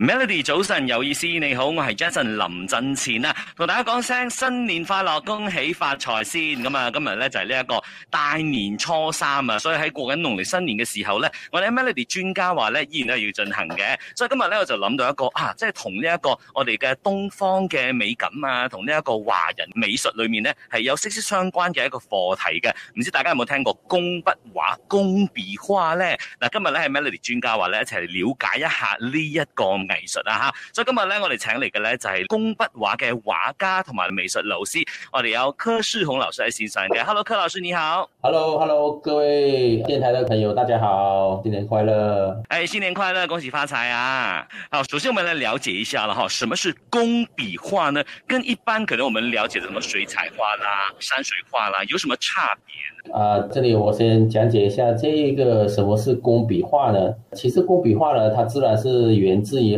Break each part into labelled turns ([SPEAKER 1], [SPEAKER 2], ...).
[SPEAKER 1] Melody 早晨，有意思你好，我係 Jason 林振前啊，同大家講聲新年快樂，恭喜發財先咁啊！今日咧就係呢一個大年初三啊，所以喺過緊農曆新年嘅時候咧，我哋喺 Melody 專家話咧依然係要進行嘅，所以今日咧我就諗到一個啊，即係同呢一個我哋嘅東方嘅美感啊，同呢一個華人美術裏面咧係有息息相關嘅一個課題嘅，唔知大家有冇聽過工筆畫、工筆花咧？嗱，今日咧係 Melody 專家話咧一齊嚟了解一下呢一個藝術啊，所以今日呢，我哋請嚟嘅呢就係工筆畫嘅畫家同埋美術老師，我哋有柯士紅老師喺線上嘅 Hello，柯老師你好。
[SPEAKER 2] Hello，Hello，hello, 各位電台嘅朋友大家好，新年快樂。
[SPEAKER 1] 哎，hey, 新年快樂，恭喜發財啊！好，首先我們來了解一下啦，哈，什麼是工筆畫呢？跟一般可能我們了解的什麼水彩畫啦、山水畫啦，有什麼差別
[SPEAKER 2] 呢？啊，uh, 這裡我先講解一下，這一個什麼是工筆畫呢？其實工筆畫呢，它自然是源自於。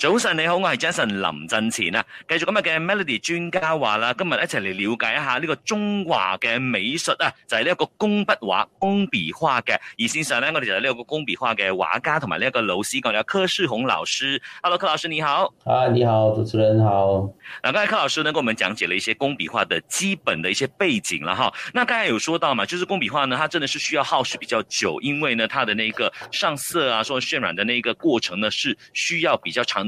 [SPEAKER 1] 早晨你好，我係 Jason 林振前啊。繼續今日嘅 Melody 專家話啦，今日一齊嚟了解一下呢個中華嘅美術啊，就係呢一個工筆畫、工筆畫嘅。而線上咧，我哋就有呢一個工筆畫嘅畫家同埋呢一個老師，講有柯世紅老師。Hello，柯老師你好。啊，你好，主持人好。啊，剛才柯老師呢，跟我們講解了一些工筆畫的基本的一些背景啦，哈。那剛才有說到嘛，就是工筆畫呢，它真的是需要耗時比較久，因為呢，它的那個上色啊，或者說渲染的那個過程呢，是需要比較長。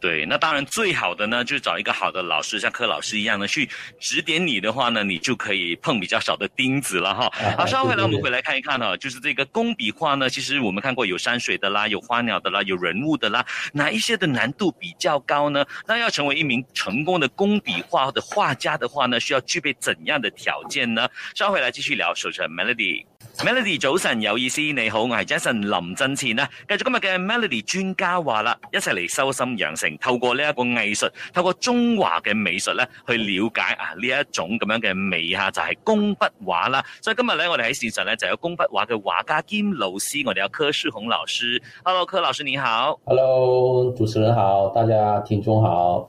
[SPEAKER 1] 對，那當然最好的呢，就是找一個好的老師，像柯老師一樣呢，去指點你的話呢，你就可以碰比較少的釘子啦，哈。啊、好，稍後呢，我們回來看一看、哦，哈，就是這個工筆畫呢，其實我們看過有山水的啦，有花鳥的啦，有人物的啦，哪一些的難度比較高呢？那要成為一名成功的工筆畫的畫家的話呢，需要具備怎樣的條件呢？稍後回來繼續聊，首先 Melody，Melody 早晨搖一思，你好，我係 Jason 林振前啦，繼續今日嘅 Melody 專家話啦，一齊嚟收心養性。透過呢一個藝術，透過中華嘅美術咧，去了解啊呢一種咁樣嘅美啊，就係工筆畫啦。所以今日咧，我哋喺線上咧就有工筆畫嘅畫家兼老師，我哋有柯樹紅老師。Hello，柯老師你好。
[SPEAKER 2] Hello，主持人好，大家
[SPEAKER 1] 聽眾好。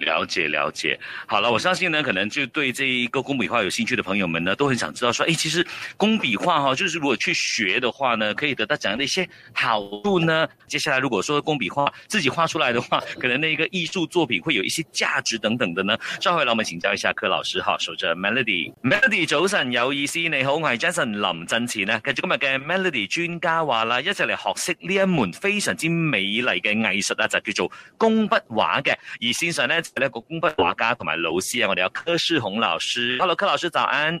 [SPEAKER 1] 了解了解，好了，我相信呢，可能就對這一個工筆畫有興趣的朋友們呢，都很想知道說，誒，其實工筆畫哈，啊，就是如果去學的話呢，可以得到怎樣的一些好處呢？接下來如果說工筆畫自己畫出來的話，可能那一個藝術作品會有一些價值等等的呢。稍後我們請教一下柯老師哈，守、啊、着 Melody，Melody Mel 早晨有意思，你好，我係 Jason 林振奇呢，跟住今日嘅 Melody 專家話啦，一齊嚟學識呢一門非常之美麗嘅藝術啊，就叫做工筆畫嘅，而先生呢。一個公關畫家同埋老師啊，我哋有柯世洪老師。哈嘍，柯老師早安。